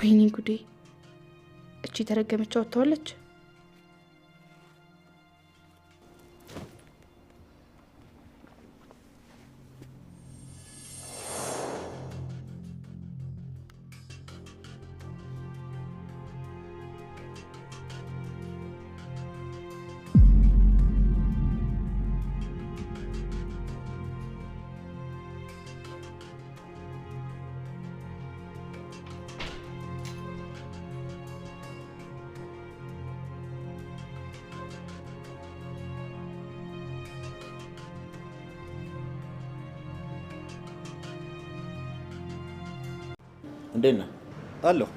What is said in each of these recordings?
ወይኔ ጉዴ! እቺ ተረገመች ወጥታዋለች። እንዴት ነህ? አለሁ።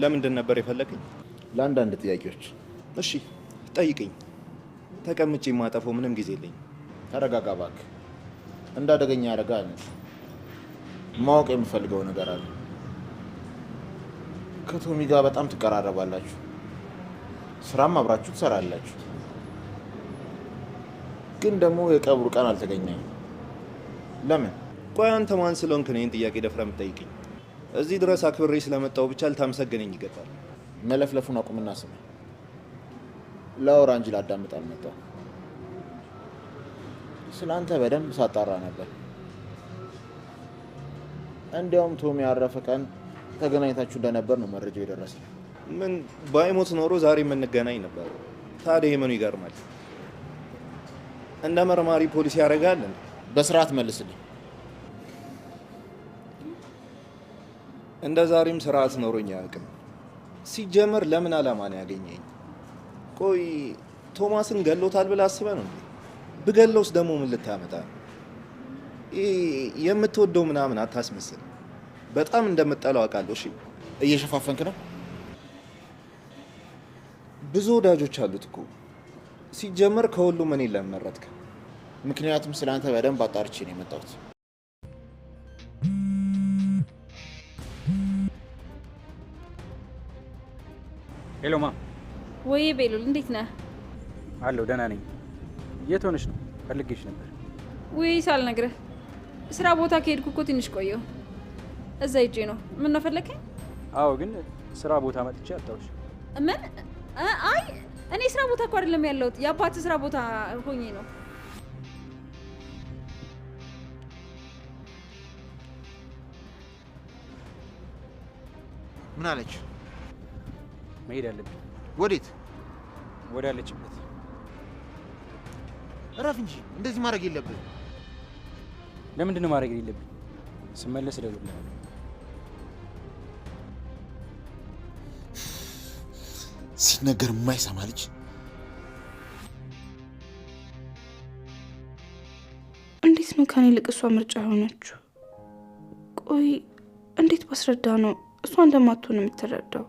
ለምንድን ነበር የፈለገኝ? ለአንዳንድ ጥያቄዎች። እሺ ጠይቅኝ። ተቀምጬ የማጠፈው ምንም ጊዜ የለኝ። ተረጋጋ እባክህ። እንዳደገኛ ያደረጋ ማወቅ የምፈልገው ነገር አለ። ከቶሚ ጋር በጣም ትቀራረባላችሁ፣ ስራም አብራችሁ ትሰራላችሁ። ግን ደግሞ የቀብሩ ቀን አልተገኘም። ለምን? ቆይ አንተ ማን ስለሆንክ ይህን ጥያቄ ደፍረህ የምትጠይቅኝ? እዚህ ድረስ አክብሬ ስለመጣው ብቻ ልታመሰግነኝ ይገባል። መለፍለፉን አቁምና ስማ። ለአውራ እንጂ ላዳምጥ አልመጣው። ስለ አንተ በደንብ ሳጣራ ነበር። እንዲያውም ቶም ያረፈ ቀን ተገናኝታችሁ እንደነበር ነው መረጃው የደረሰ። ምን ባይሞት ኖሮ ዛሬ የምንገናኝ ነበር። ታዲያ ምኑ ይገርማል? እንደ መርማሪ ፖሊስ ያደርጋል። በስርዓት መልስልኝ። እንደ ዛሬም ስርዓት ኖሮኝ አያውቅም። ሲጀመር ለምን አላማ ነው ያገኘኝ? ቆይ ቶማስን ገሎታል ብለህ አስበህ ነው? ብገለውስ ደግሞ ምን ልታመጣ የምትወደው ምናምን አታስመስል። በጣም እንደምጠለው አውቃለሁ። እሺ፣ እየሸፋፈንክ ነው። ብዙ ወዳጆች አሉት እኮ። ሲጀመር ከሁሉም እኔን ለምን ምክንያቱም ስለአንተ በደንብ አጣርቼ ነው የመጣሁት። ሄሎ ማ። ወይ ቤሉል፣ እንዴት ነህ? አለሁ ደህና ነኝ። የት ሆነሽ ነው? ፈልጌሽ ነበር። ወይ ሳልነግርህ ስራ ቦታ ከሄድኩ እኮ ትንሽ ቆየሁ። እዛ ሂጄ ነው። ምን ነው ፈለከኝ? አዎ፣ ግን ስራ ቦታ መጥቼ አጣሁሽ። ምን? አይ እኔ ስራ ቦታ እኮ አይደለም ያለሁት፣ የአባት ስራ ቦታ ሆኜ ነው። ምን አለች? መሄድ አለብኝ። ወዴት? ወዳለችበት። እረፍ እንጂ እንደዚህ ማድረግ የለብህም። ለምንድን ነው ማድረግ የለብኝ? ስመለስ እደውልልሃለሁ። ሲነገር የማይሰማ ልጅ እንዴት ነው ከኔ ይልቅ እሷ ምርጫ የሆነችው? ቆይ እንዴት ባስረዳ ነው እሷ እንደማትሆን የምትረዳው?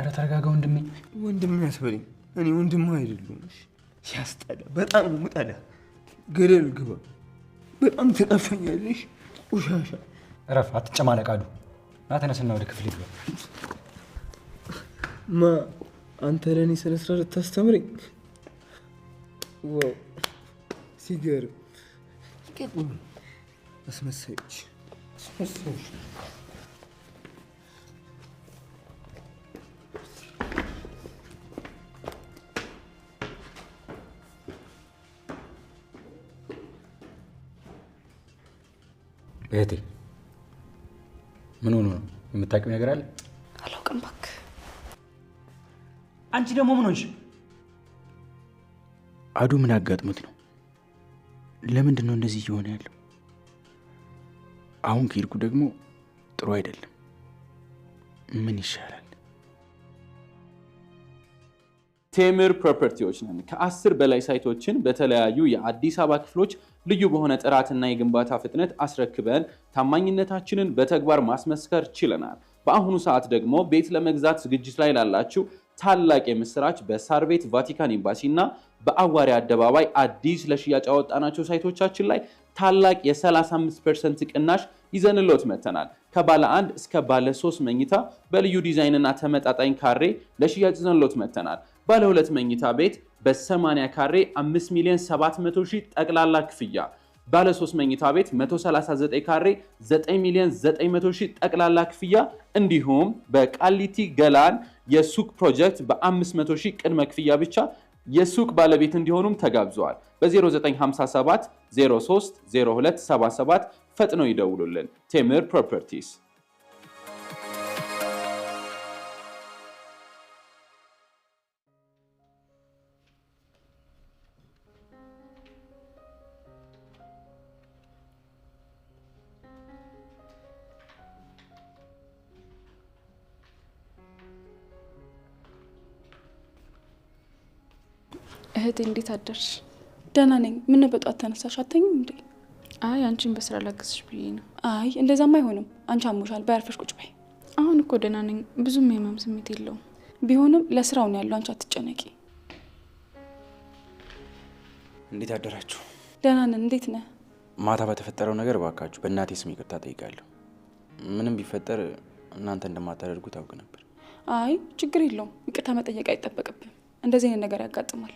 ኧረ ተረጋጋ ወንድሜ። ወንድም ያስበለኝ እኔ ወንድም አይደለሁም። ያስጠላ በጣም ምጠላ። ገደል ግባ። በጣም ትጠፈኛለሽ ቆሻሻ። እረፍ፣ አትጨማለቃሉ ና ተነስና ወደ ክፍል ግባ። ማ አንተ ለእኔ ስለ ስራ ልታስተምረኝ? ዋው ሲገርም! አስመሳዮች፣ አስመሳዮች እህቴ ምን ሆኖ ነው የምታውቂው ነገር አለ? አላውቅም እባክህ። አንቺ ደግሞ ምን ሆንሽ? አዱ ምን አጋጥሞት ነው? ለምንድን ነው እንደዚህ እየሆነ ያለው? አሁን ከሄድኩ ደግሞ ጥሩ አይደለም። ምን ይሻላል? ቴምር ፕሮፐርቲዎች ነን። ከአስር በላይ ሳይቶችን በተለያዩ የአዲስ አበባ ክፍሎች ልዩ በሆነ ጥራትና የግንባታ ፍጥነት አስረክበን ታማኝነታችንን በተግባር ማስመስከር ችለናል። በአሁኑ ሰዓት ደግሞ ቤት ለመግዛት ዝግጅት ላይ ላላችሁ ታላቅ የምስራች በሳርቤት ቫቲካን ኤምባሲ እና በአዋሪ አደባባይ አዲስ ለሽያጭ ያወጣናቸው ሳይቶቻችን ላይ ታላቅ የ35 ፐርሰንት ቅናሽ ይዘንሎት መተናል። ከባለ አንድ እስከ ባለ ሶስት መኝታ በልዩ ዲዛይንና ተመጣጣኝ ካሬ ለሽያጭ ይዘንሎት መተናል። ባለ ሁለት መኝታ ቤት በ80 ካሬ 5 ሚሊዮን 700 ሺህ ጠቅላላ ክፍያ፣ ባለ 3 መኝታ ቤት 139 ካሬ 9 ሚሊዮን 900 ሺህ ጠቅላላ ክፍያ፣ እንዲሁም በቃሊቲ ገላን የሱቅ ፕሮጀክት በ500 ሺህ ቅድመ ክፍያ ብቻ የሱቅ ባለቤት እንዲሆኑም ተጋብዘዋል። በ0957 03 0277 ፈጥነው ይደውሉልን። ቴምር ፕሮፐርቲስ እህቴ እንዴት አደርሽ? ደህና ነኝ። ምን በጧት ተነሳሽ? አተኝም እንዴ? አይ አንቺን በስራ ላግዝሽ ብዬ ነው። አይ እንደዛም አይሆንም። አንቺ አሞሻል። ባያርፈሽ ቁጭ በይ። አሁን እኮ ደህና ነኝ። ብዙም የህመም ስሜት የለውም። ቢሆንም ለስራው ነው ያለው። አንቺ አትጨነቂ። እንዴት አደራችሁ? ደህና ነን። እንዴት ነህ? ማታ በተፈጠረው ነገር ባካችሁ በእናቴ ስም ይቅርታ ጠይቃለሁ። ምንም ቢፈጠር እናንተ እንደማታደርጉ ታውቅ ነበር። አይ ችግር የለውም። ይቅርታ መጠየቅ አይጠበቅብም። እንደዚህ አይነት ነገር ያጋጥማል።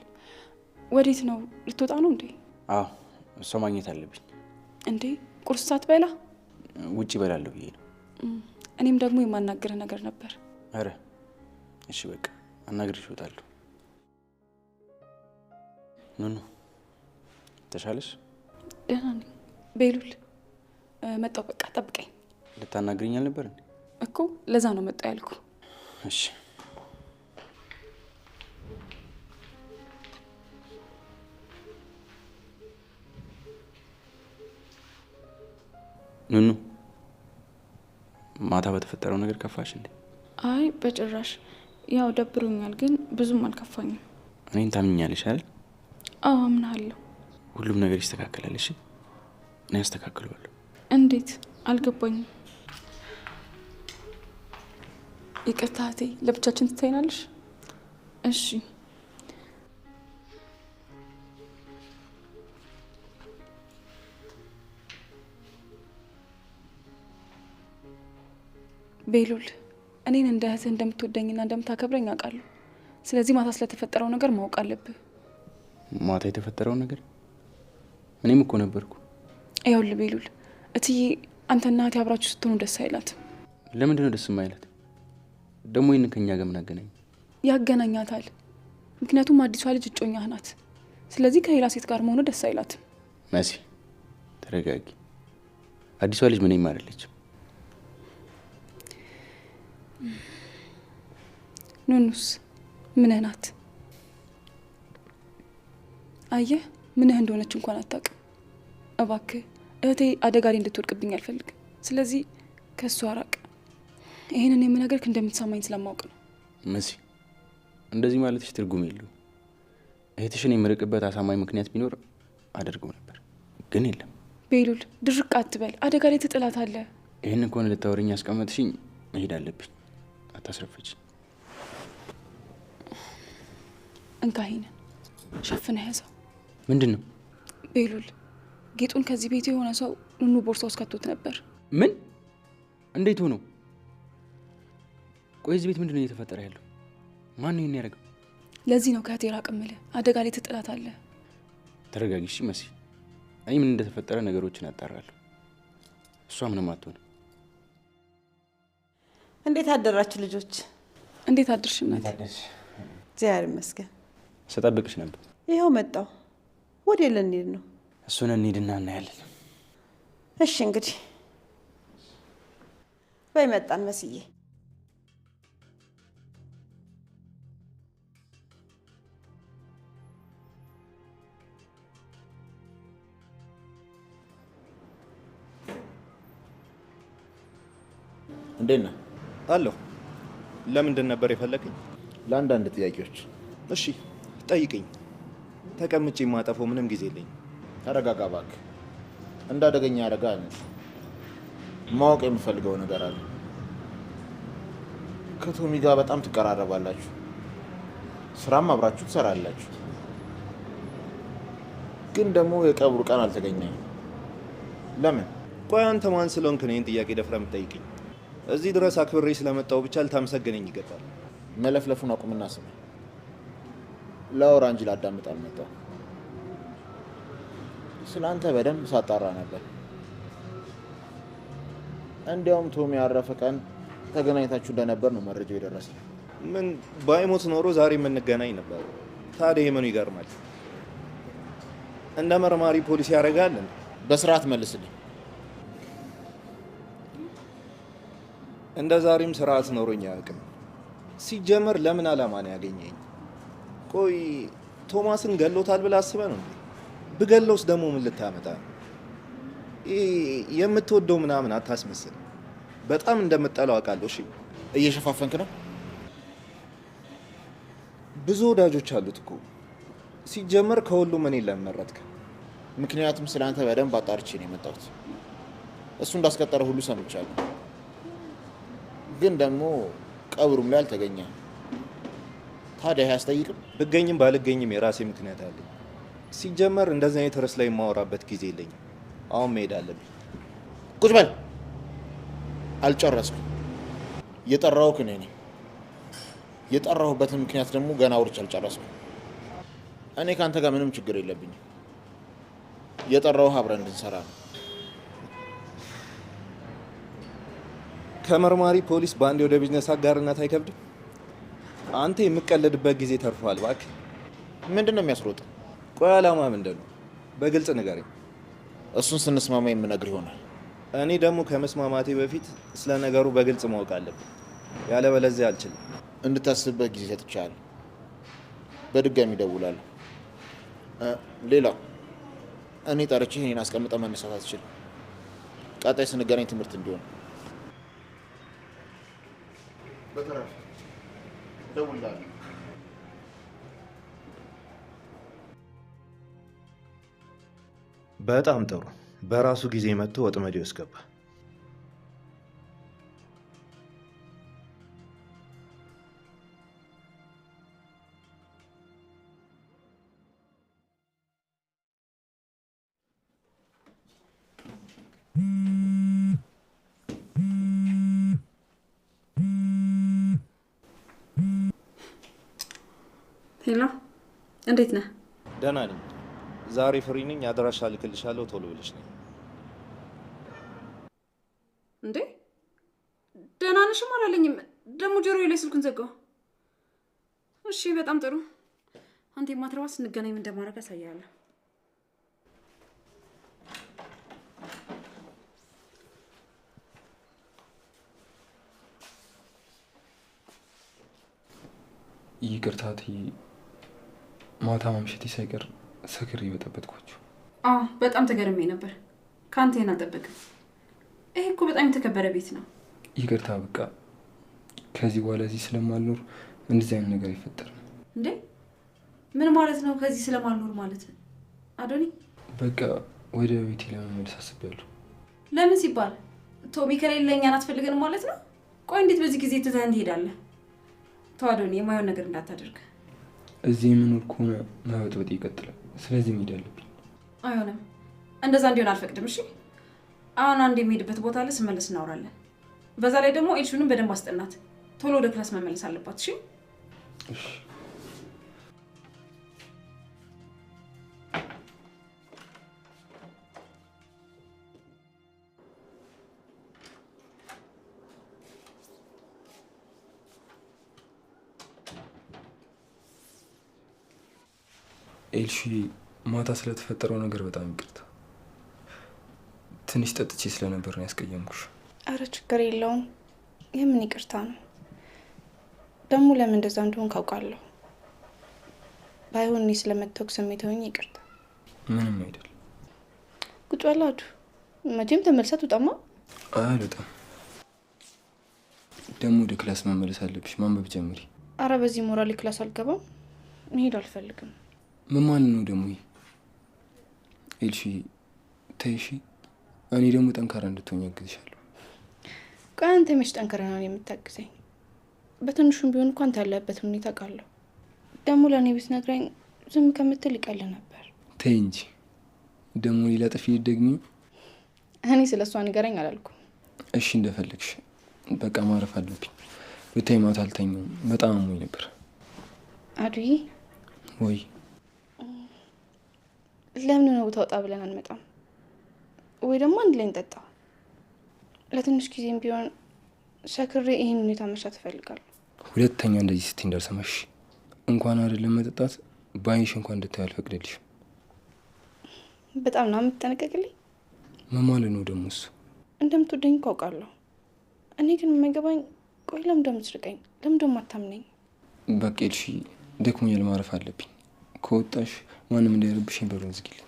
ወዴት ነው? ልትወጣ ነው እንዴ? አዎ፣ እሷ ማግኘት አለብኝ። እንዴ ቁርስ ሳትበላ ውጭ እበላለሁ ብዬ ነው። እኔም ደግሞ የማናግርህ ነገር ነበር። አረ እሺ፣ በቃ አናግርሽ እወጣለሁ። ኑኑ ተሻለሽ? ደህና ነኝ። ቤሉል መጣው። በቃ ጠብቀኝ። ልታናግርኝ አልነበር እኮ ለዛ ነው መጣ ያልኩ። እሺ ኑኑ ማታ በተፈጠረው ነገር ከፋሽ እንዴ? አይ በጭራሽ ያው ደብሮኛል፣ ግን ብዙም አልከፋኝም። እኔን ታምኛለሽ አይደል? አዎ አምናለሁ። ሁሉም ነገር ይስተካከላል። እሺ እኔ አስተካክለዋለሁ። እንዴት? አልገባኝም። ይቅርታ ለብቻችን ትታይናለሽ? እሺ ቤሉል እኔን እንደ እህትህ እንደምትወደኝና እንደምታከብረኝ አውቃለሁ። ስለዚህ ማታ ስለተፈጠረው ነገር ማወቅ አለብህ። ማታ የተፈጠረው ነገር እኔም እኮ ነበርኩ። ይኸውልህ ቤሉል እትዬ አንተና እህቴ አብራችሁ ስትሆኑ ደስ አይላትም። ለምንድን ነው ደስ የማይላት? ደግሞ ይህን ከኛ ጋር ምን አገናኝ? ያገናኛታል። ምክንያቱም አዲሷ ልጅ እጮኛህ ናት። ስለዚህ ከሌላ ሴት ጋር መሆኑ ደስ አይላትም። መሲ ተረጋጊ። አዲሷ ልጅ ምንም አይደለችም። ኑኑስ ምንህ ናት? አየህ ምንህ እንደሆነች እንኳን አታውቅም። እባክህ እህቴ አደጋ ላይ እንድትወድቅብኝ አልፈልግም። ስለዚህ ከእሱ አራቅ። ይህንን የምነግርህ እንደምትሰማኝ ስለማውቅ ነው። መሲ እንደዚህ ማለትሽ ትርጉም የለው እህትሽን የምርቅበት አሳማኝ ምክንያት ቢኖር አደርገው ነበር፣ ግን የለም። ቤሉል ድርቅ አትበል፣ አደጋ ላይ አለ ይህን ከሆነ ልታወሪኝ ያስቀመጥሽኝ መሄድ አለብኝ። አታስረፍች። እንካ ይሄንን ሸፍነህ ያዘው። ምንድን ነው ቤሉል? ጌጡን ከዚህ ቤት የሆነ ሰው ኑኑ ቦርሳ ውስጥ ከቶት ነበር። ምን? እንዴት ሆኖ? ቆይ እዚህ ቤት ምንድን ነው እየተፈጠረ ያለው? ማን ነው ይሄን ያደረገው? ለዚህ ነው ከእህቴ ራቅ እምልህ። አደጋ ላይ ትጥላታለህ። ተረጋጊ እሺ መሲ። እኔ ምን እንደተፈጠረ ነገሮችን አጣራለሁ። እሷ ምንም አትሆንም። እንዴት አደራችሁ ልጆች? እንዴት አድርሽ እናት? እግዚአብሔር ይመስገን። ስጠብቅሽ ነበር። ይኸው መጣሁ። ወደ የለ እንሂድ ነው። እሱን እንሂድና እናያለን። እሺ እንግዲህ በይ መጣን። መስዬ እንዴት ነህ? አለሁ። ለምንድን ነበር የፈለገኝ? ለአንዳንድ ጥያቄዎች። እሺ ጠይቅኝ። ተቀምጬ የማጠፈው ምንም ጊዜ የለኝ። ተረጋጋ እባክህ። እንዳደገኛ ያደረጋ ማወቅ የምፈልገው ነገር አለ። ከቶሚ ጋር በጣም ትቀራረባላችሁ፣ ስራም አብራችሁ ትሰራላችሁ። ግን ደግሞ የቀብሩ ቀን አልተገኘም። ለምን? ቆይ አንተ ማን ስለሆንክ እኔን ጥያቄ ደፍረህ የምትጠይቅኝ? እዚህ ድረስ አክብሬ ስለመጣው ብቻ ልታመሰግነኝ ይገባል። መለፍለፉን አቁምና ስማ። ለአውራ እንጂ ላዳምጥ አልመጣሁ። ስለ አንተ በደንብ ሳጣራ ነበር። እንዲያውም ቶም ያረፈ ቀን ተገናኝታችሁ እንደነበር ነው መረጃው የደረሰ። ምን ባይሞት ኖሮ ዛሬ የምንገናኝ ነበር። ታዲያ የምኑ ይገርማል? እንደ መርማሪ ፖሊስ ያደርጋል። በስርዓት መልስልኝ። እንደ ዛሬም ስርዓት ኖሮኝ አያውቅም። ሲጀመር ለምን አላማ ነው ያገኘኝ? ቆይ ቶማስን ገሎታል ብለህ አስበህ ነው እንዴ? ብገለውስ ደግሞ ምን ልታመጣ ይህ የምትወደው ምናምን አታስመስል። በጣም እንደምጠለው አውቃለሁ። እሺ፣ እየሸፋፈንክ ነው። ብዙ ወዳጆች አሉት እኮ። ሲጀመር ከሁሉም እኔን ለምን መረጥክ? ምክንያቱም ስለ አንተ በደንብ አጣርቼ ነው የመጣሁት። እሱ እንዳስቀጠረ ሁሉ ሰምቻለሁ። ግን ደግሞ ቀብሩም ላይ አልተገኘ። ታዲያ አያስጠይቅም? ብገኝም ባልገኝም የራሴ ምክንያት አለኝ። ሲጀመር እንደዚህ አይነት ርዕስ ላይ የማወራበት ጊዜ የለኝም። አሁን መሄድ አለብኝ። ቁጭ በል። አልጨረስኩም። የጠራሁህ እኔ ነኝ። የጠራሁበትን ምክንያት ደግሞ ገና አውርቼ አልጨረስኩም። እኔ ከአንተ ጋር ምንም ችግር የለብኝም። የጠራሁህ አብረን እንድንሰራ ነው። ከመርማሪ ፖሊስ ባንድ ወደ ቢዝነስ አጋርነት አይከብድም። አንተ የምቀለድበት ጊዜ ተርፏል። እባክህ ምንድን ነው የሚያስሮጥ? ቆይ አላማ ምንድን ነው? በግልጽ ንገረኝ። እሱን ስንስማማ የምነግር ይሆናል። እኔ ደግሞ ከመስማማቴ በፊት ስለ ነገሩ በግልጽ ማወቅ አለብን። ያለበለዚያ አልችልም። እንድታስብበት ጊዜ ሰጥቻለሁ። በድጋሚ እደውላለሁ። ሌላ እኔ ጠርቼ እኔን አስቀምጠ መነሳት አትችልም። ቀጣይ ስንገናኝ ትምህርት እንዲሆን በተረፈ እደውልልሃለሁ። በጣም ጥሩ። በራሱ ጊዜ መጥቶ ወጥመድ ውስጥ ገባ። እንዴት ነህ? ደህና ነኝ። ዛሬ ፍሪ ነኝ። አድራሻ ልክልሻለሁ ቶሎ ብለሽ ነኝ። እንዴ ደህና ነሽም አላለኝም። ደግሞ ጆሮ ላይ ስልኩን ዘጋው። እሺ በጣም ጥሩ። አንተ የማትረባ ስንገናኝ ምን እንደማደርግ አሳያለሁ። ይቅርታ እትዬ ማታ ማምሸቴ ሳይቀር ሰክሬ በጠበጥኳቸው። በጣም ተገርሜ ነበር። ከአንተ ይህን አልጠበቅም። ይሄ እኮ በጣም የተከበረ ቤት ነው። ይቅርታ፣ በቃ ከዚህ በኋላ እዚህ ስለማልኖር እንደዚህ አይነት ነገር አይፈጠርም። እንዴ ምን ማለት ነው? ከዚህ ስለማልኖር ማለት አዶኒ፣ በቃ ወደ ቤቴ ለመመለስ አስቤያለሁ። ለምን ሲባል ቶሚ ከሌለ እኛን አትፈልገንም ማለት ነው? ቆይ እንዴት በዚህ ጊዜ ትተህ እንሄዳለን ተው አዶኒ፣ የማየውን ነገር እንዳታደርግ እዚህ የምኖር ከሆነ መበጥበጥ ይቀጥላል። ስለዚህ መሄድ አለብኝ። አይሆንም፣ እንደዛ እንዲሆን አልፈቅድም። እሺ፣ አሁን አንድ የሚሄድበት ቦታ ላይ ስመለስ እናወራለን። በዛ ላይ ደግሞ ኤልሹንም በደንብ አስጠናት። ቶሎ ወደ ክላስ መመለስ አለባት። እሺ፣ እሺ። ኤልሺ ማታ ስለተፈጠረው ነገር በጣም ይቅርታ። ትንሽ ጠጥቼ ስለነበር ነው ያስቀየምኩሽ። አረ ችግር የለውም። የምን ይቅርታ ነው ደግሞ። ለምን እንደዛ እንደሆን ካውቃለሁ። ባይሆን እኔ ስለመታወቅ ስሜት ይቅርታ። ምንም አይደል። ቁጭ በላችሁ መቼም ተመልሳ ትውጣማ። አልወጣም። ደግሞ ወደ ክላስ መመለስ አለብሽ። ማንበብ ጀምሪ። አረ በዚህ ሞራሌ ክላስ አልገባም። መሄድ አልፈልግም። መማን ነው ደግሞ ይሄ? ኤልሺ ተይሺ፣ እኔ ደግሞ ጠንካራ እንድትሆኝ ያግዝሻለሁ። ቆይ አንተ መች ጠንካራ ነው የምታግዘኝ? በትንሹም ቢሆን እኮ አንተ ያለህበትን ሁኔታ አውቃለሁ። ደግሞ ለእኔ ነግረኝ ዝም ከምትል ይቀል ነበር። ተይ እንጂ ደግሞ ሌላ ጥፊ ደግሚ። እኔ ስለ እሷ ንገረኝ አላልኩም። እሺ እንደፈለግሽ በቃ ማረፍ አለብኝ። ብታይ ማታ አልተኛም፣ በጣም አሞኝ ነበር። አዱዬ ወይ ለምን ነው ታውጣ ብለን አንመጣም? ወይ ደግሞ አንድ ላይ እንጠጣ። ለትንሽ ጊዜም ቢሆን ሰክሬ ይህን ሁኔታ መሻት እፈልጋለሁ። ሁለተኛ እንደዚህ ስትይ እንዳልሰማሽ እንኳን አይደለም መጠጣት በአይንሽ እንኳን እንድታይ አልፈቅድልሽ። በጣም ነው የምትጠነቀቅልኝ። ምን ነው ደግሞ እሱ? እንደምትወደኝ እኮ እኔ ግን የማይገባኝ ቆይ፣ ለምን እንደምትርቀኝ፣ ለምን እንደማታምነኝ። በቃ ደክሞኛል፣ ማረፍ አለብኝ። ከወጣሽ ማንም እንዳይረብሽ በሩን ዝጊልኝ።